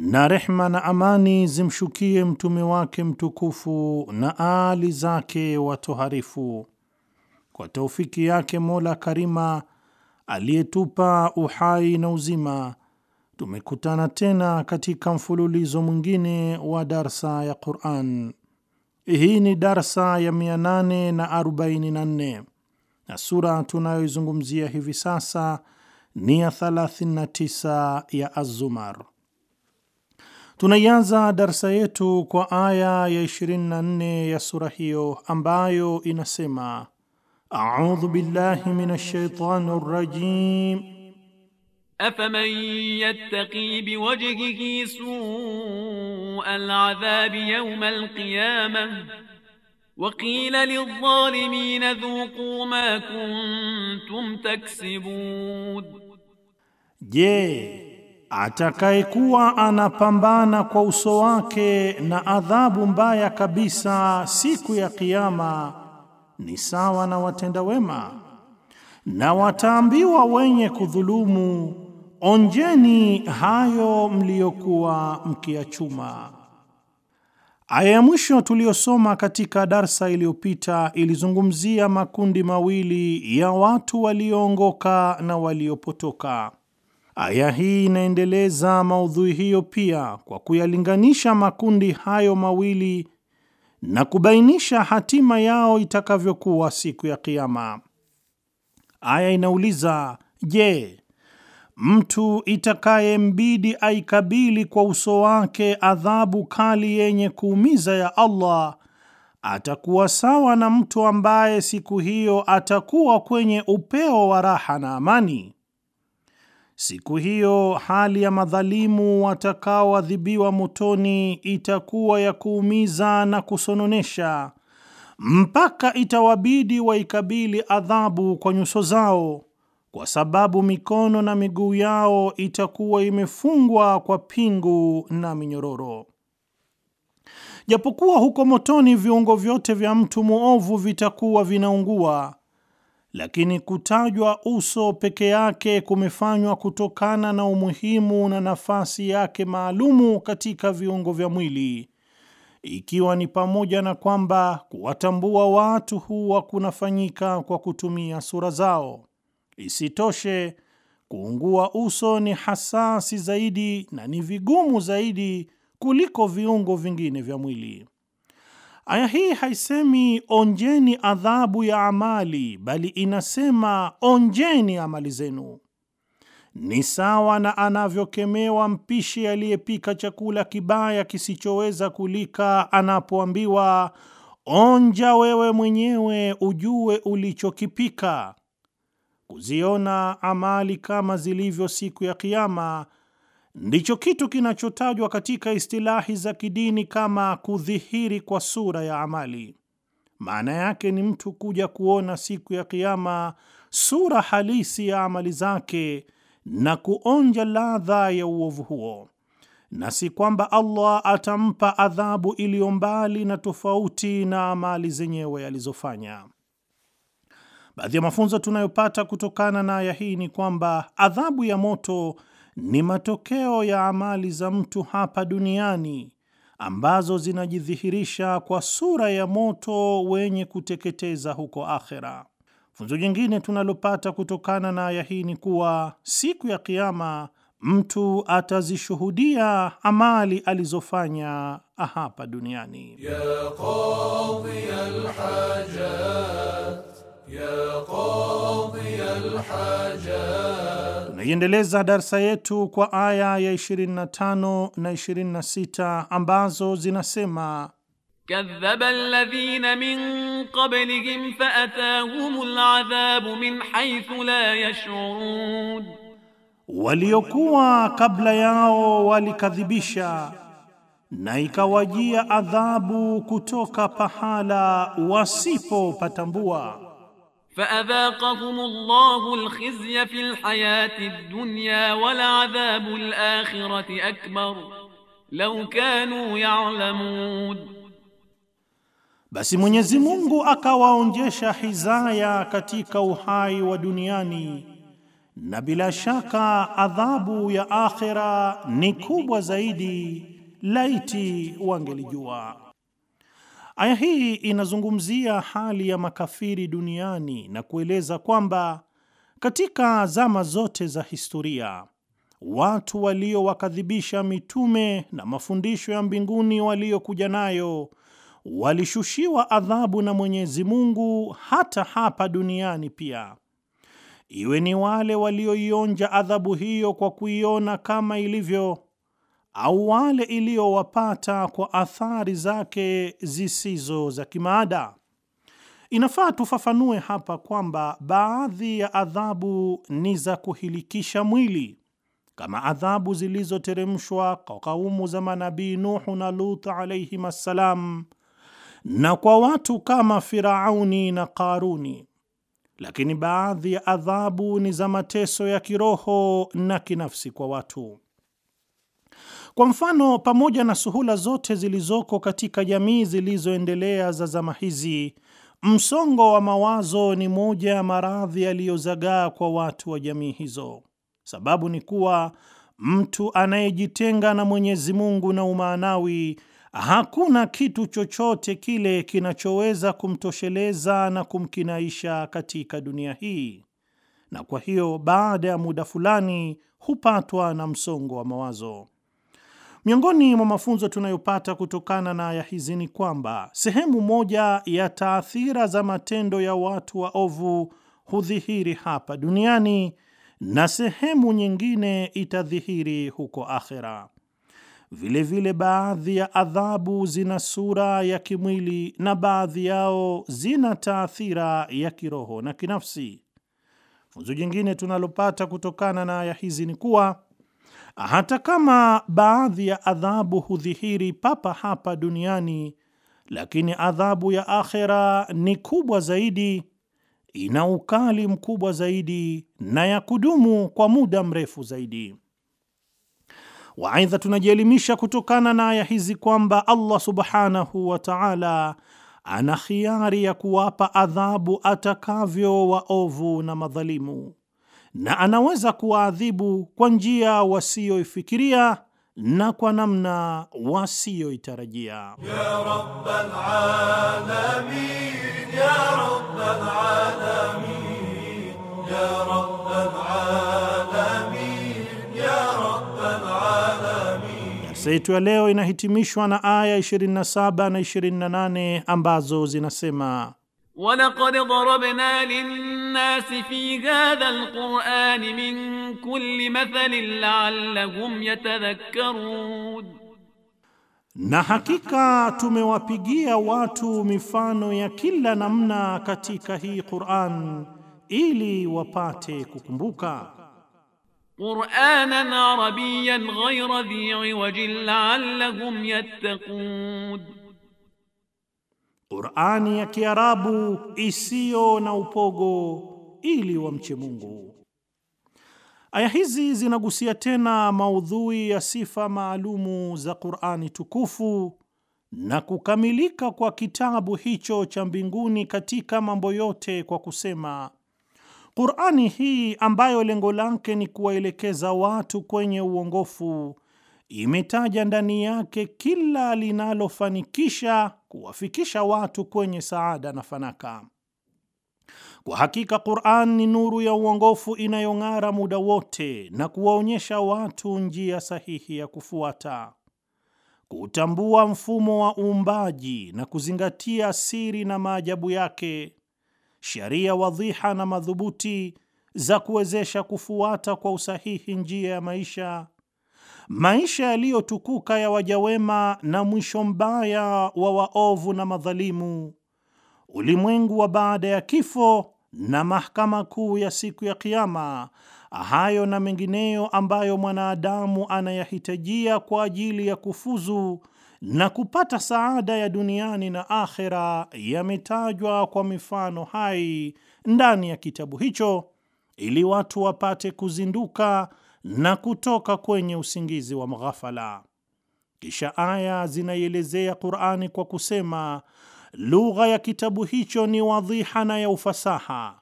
na rehma na amani zimshukie mtume wake mtukufu na aali zake watoharifu. Kwa taufiki yake Mola Karima aliyetupa uhai na uzima, tumekutana tena katika mfululizo mwingine wa darsa ya Quran. Hii ni darsa ya 844 na sura tunayoizungumzia hivi sasa ni ya 39 ya Az-Zumar. Tunaianza darsa yetu kwa aya ya 24 ya sura hiyo ambayo inasema: audhu billahi minash shaitani rrajim afaman yattaqi biwajhihi su'al adhabi yawmal qiyamah وقيل للظالمين dhuqu ma kuntum taksibun, Je, Atakayekuwa anapambana kwa uso wake na adhabu mbaya kabisa siku ya Kiyama ni sawa na watenda wema, na wataambiwa wenye kudhulumu, onjeni hayo mliyokuwa mkiyachuma. Aya ya mwisho tuliyosoma katika darsa iliyopita ilizungumzia makundi mawili ya watu walioongoka na waliopotoka. Aya hii inaendeleza maudhui hiyo pia kwa kuyalinganisha makundi hayo mawili na kubainisha hatima yao itakavyokuwa siku ya Kiama. Aya inauliza, je, mtu itakayembidi aikabili kwa uso wake adhabu kali yenye kuumiza ya Allah atakuwa sawa na mtu ambaye siku hiyo atakuwa kwenye upeo wa raha na amani? Siku hiyo hali ya madhalimu watakaoadhibiwa motoni itakuwa ya kuumiza na kusononesha, mpaka itawabidi waikabili adhabu kwa nyuso zao, kwa sababu mikono na miguu yao itakuwa imefungwa kwa pingu na minyororo. Japokuwa huko motoni viungo vyote vya mtu mwovu vitakuwa vinaungua lakini kutajwa uso peke yake kumefanywa kutokana na umuhimu na nafasi yake maalumu katika viungo vya mwili, ikiwa ni pamoja na kwamba kuwatambua watu huwa kunafanyika kwa kutumia sura zao. Isitoshe, kuungua uso ni hasasi zaidi na ni vigumu zaidi kuliko viungo vingine vya mwili. Aya hii haisemi onjeni adhabu ya amali, bali inasema onjeni amali zenu. Ni sawa na anavyokemewa mpishi aliyepika chakula kibaya kisichoweza kulika, anapoambiwa onja wewe mwenyewe ujue ulichokipika. Kuziona amali kama zilivyo siku ya Kiama ndicho kitu kinachotajwa katika istilahi za kidini kama kudhihiri kwa sura ya amali. Maana yake ni mtu kuja kuona siku ya Kiama sura halisi ya amali zake na kuonja ladha ya uovu huo, na si kwamba Allah atampa adhabu iliyo mbali na tofauti na amali zenyewe alizofanya. Baadhi ya mafunzo tunayopata kutokana na aya hii ni kwamba adhabu ya moto ni matokeo ya amali za mtu hapa duniani ambazo zinajidhihirisha kwa sura ya moto wenye kuteketeza huko akhera. Funzo jingine tunalopata kutokana na aya hii ni kuwa siku ya Kiama mtu atazishuhudia amali alizofanya hapa duniani ya Tunaiendeleza darsa yetu kwa aya ya 25 na 26 ambazo zinasema kadhaba alladhina min qablihim faatahumul adhabu min haythu la yash'urun, waliokuwa kabla yao walikadhibisha na ikawajia adhabu kutoka pahala wasipopatambua. فأذاقهم الله الخزي في الحياة الدنيا ولعذاب الآخرة أكبر لو كانوا يعلمون Basi Mwenyezi Mungu akawaonjesha hizaya katika uhai wa duniani na bila shaka adhabu ya akhira ni kubwa zaidi laiti wangelijua. Aya hii inazungumzia hali ya makafiri duniani na kueleza kwamba katika zama zote za historia watu waliowakadhibisha mitume na mafundisho ya mbinguni waliokuja nayo walishushiwa adhabu na Mwenyezi Mungu hata hapa duniani pia, iwe ni wale walioionja adhabu hiyo kwa kuiona kama ilivyo au wale iliyowapata kwa athari zake zisizo za kimaada. Inafaa tufafanue hapa kwamba baadhi ya adhabu ni za kuhilikisha mwili kama adhabu zilizoteremshwa kwa kaumu za manabii Nuhu na Lut alaihim assalam, na kwa watu kama Firauni na Karuni. Lakini baadhi ya adhabu ni za mateso ya kiroho na kinafsi kwa watu. Kwa mfano, pamoja na suhula zote zilizoko katika jamii zilizoendelea za zama hizi, msongo wa mawazo ni moja ya maradhi yaliyozagaa kwa watu wa jamii hizo. Sababu ni kuwa mtu anayejitenga na Mwenyezi Mungu na umaanawi, hakuna kitu chochote kile kinachoweza kumtosheleza na kumkinaisha katika dunia hii, na kwa hiyo baada ya muda fulani hupatwa na msongo wa mawazo. Miongoni mwa mafunzo tunayopata kutokana na aya hizi ni kwamba sehemu moja ya taathira za matendo ya watu waovu hudhihiri hapa duniani na sehemu nyingine itadhihiri huko akhera. Vilevile vile baadhi ya adhabu zina sura ya kimwili na baadhi yao zina taathira ya kiroho na kinafsi. Funzo jingine tunalopata kutokana na aya hizi ni kuwa hata kama baadhi ya adhabu hudhihiri papa hapa duniani, lakini adhabu ya akhera ni kubwa zaidi, ina ukali mkubwa zaidi na ya kudumu kwa muda mrefu zaidi. Waaidha, tunajielimisha kutokana na aya hizi kwamba Allah subhanahu wa taala ana khiari ya kuwapa adhabu atakavyo waovu na madhalimu na anaweza kuwaadhibu kwa njia wasiyoifikiria na kwa namna wasiyoitarajia. Darsa yetu ya leo inahitimishwa na aya 27 na 28 ambazo zinasema ولقد ضربنا للناس في هذا القرآن من كل مثل لعلهم يتذكرون na hakika tumewapigia watu mifano ya kila namna katika hii Qur'an ili wapate kukumbuka. Qur'anan arabiyan ghayra dhi'i wajin la'allahum yattaqun Qur'ani ya Kiarabu isiyo na upogo ili wamche Mungu. Aya hizi zinagusia tena maudhui ya sifa maalumu za Qur'ani tukufu na kukamilika kwa kitabu hicho cha mbinguni katika mambo yote kwa kusema, Qur'ani hii ambayo lengo lake ni kuwaelekeza watu kwenye uongofu imetaja ndani yake kila linalofanikisha kuwafikisha watu kwenye saada na fanaka. Kwa hakika Qur'an ni nuru ya uongofu inayong'ara muda wote na kuwaonyesha watu njia sahihi ya kufuata. Kutambua mfumo wa uumbaji na kuzingatia siri na maajabu yake, sharia wadhiha na madhubuti za kuwezesha kufuata kwa usahihi njia ya maisha maisha yaliyotukuka ya wajawema na mwisho mbaya wa waovu na madhalimu, ulimwengu wa baada ya kifo na mahakama kuu ya siku ya Kiama. Hayo na mengineyo ambayo mwanadamu anayahitajia kwa ajili ya kufuzu na kupata saada ya duniani na akhera yametajwa kwa mifano hai ndani ya kitabu hicho ili watu wapate kuzinduka na kutoka kwenye usingizi wa mghafala. Kisha aya zinaielezea Qur'ani kwa kusema lugha ya kitabu hicho ni wadhiha na ya ufasaha,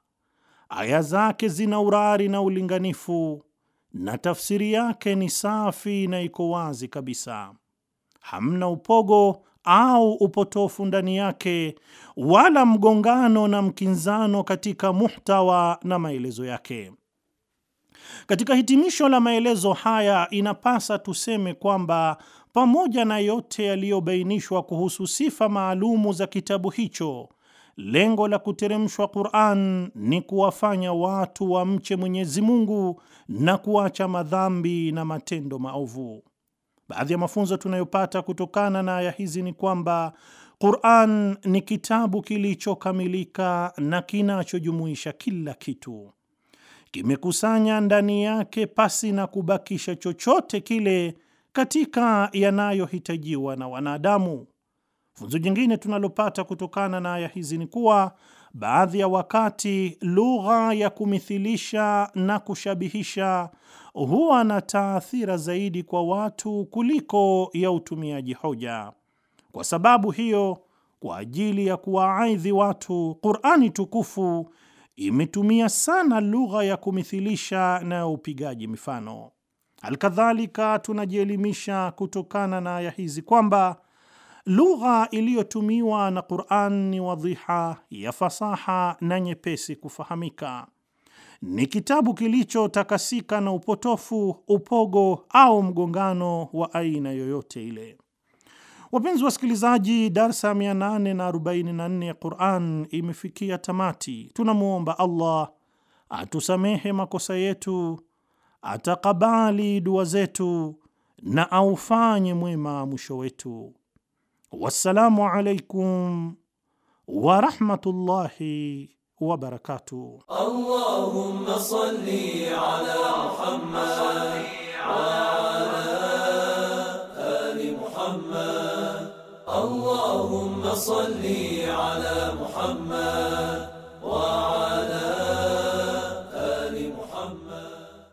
aya zake zina urari na ulinganifu, na tafsiri yake ni safi na iko wazi kabisa. Hamna upogo au upotofu ndani yake, wala mgongano na mkinzano katika muhtawa na maelezo yake. Katika hitimisho la maelezo haya, inapasa tuseme kwamba pamoja na yote yaliyobainishwa kuhusu sifa maalumu za kitabu hicho, lengo la kuteremshwa Qur'an ni kuwafanya watu wamche Mwenyezi Mungu na kuacha madhambi na matendo maovu. Baadhi ya mafunzo tunayopata kutokana na aya hizi ni kwamba Qur'an ni kitabu kilichokamilika na kinachojumuisha kila kitu kimekusanya ndani yake pasi na kubakisha chochote kile katika yanayohitajiwa na wanadamu. Funzo jingine tunalopata kutokana na aya hizi ni kuwa baadhi ya wakati lugha ya kumithilisha na kushabihisha huwa na taathira zaidi kwa watu kuliko ya utumiaji hoja. Kwa sababu hiyo, kwa ajili ya kuwaaidhi watu, Qur'ani tukufu imetumia sana lugha ya kumithilisha na ya upigaji mifano. Alkadhalika, tunajielimisha kutokana na aya hizi kwamba lugha iliyotumiwa na Qur'an ni wadhiha ya fasaha na nyepesi kufahamika. Ni kitabu kilichotakasika na upotofu, upogo au mgongano wa aina yoyote ile. Wapenzi wasikilizaji, darsa 844 ya Quran imefikia tamati. Tunamwomba Allah atusamehe makosa yetu, atakabali dua zetu na aufanye mwema mwisho wetu. Wassalamu alaikum warahmatullahi wabarakatuh. Allahumma salli ala Muhammad wa ala نصلي على محمد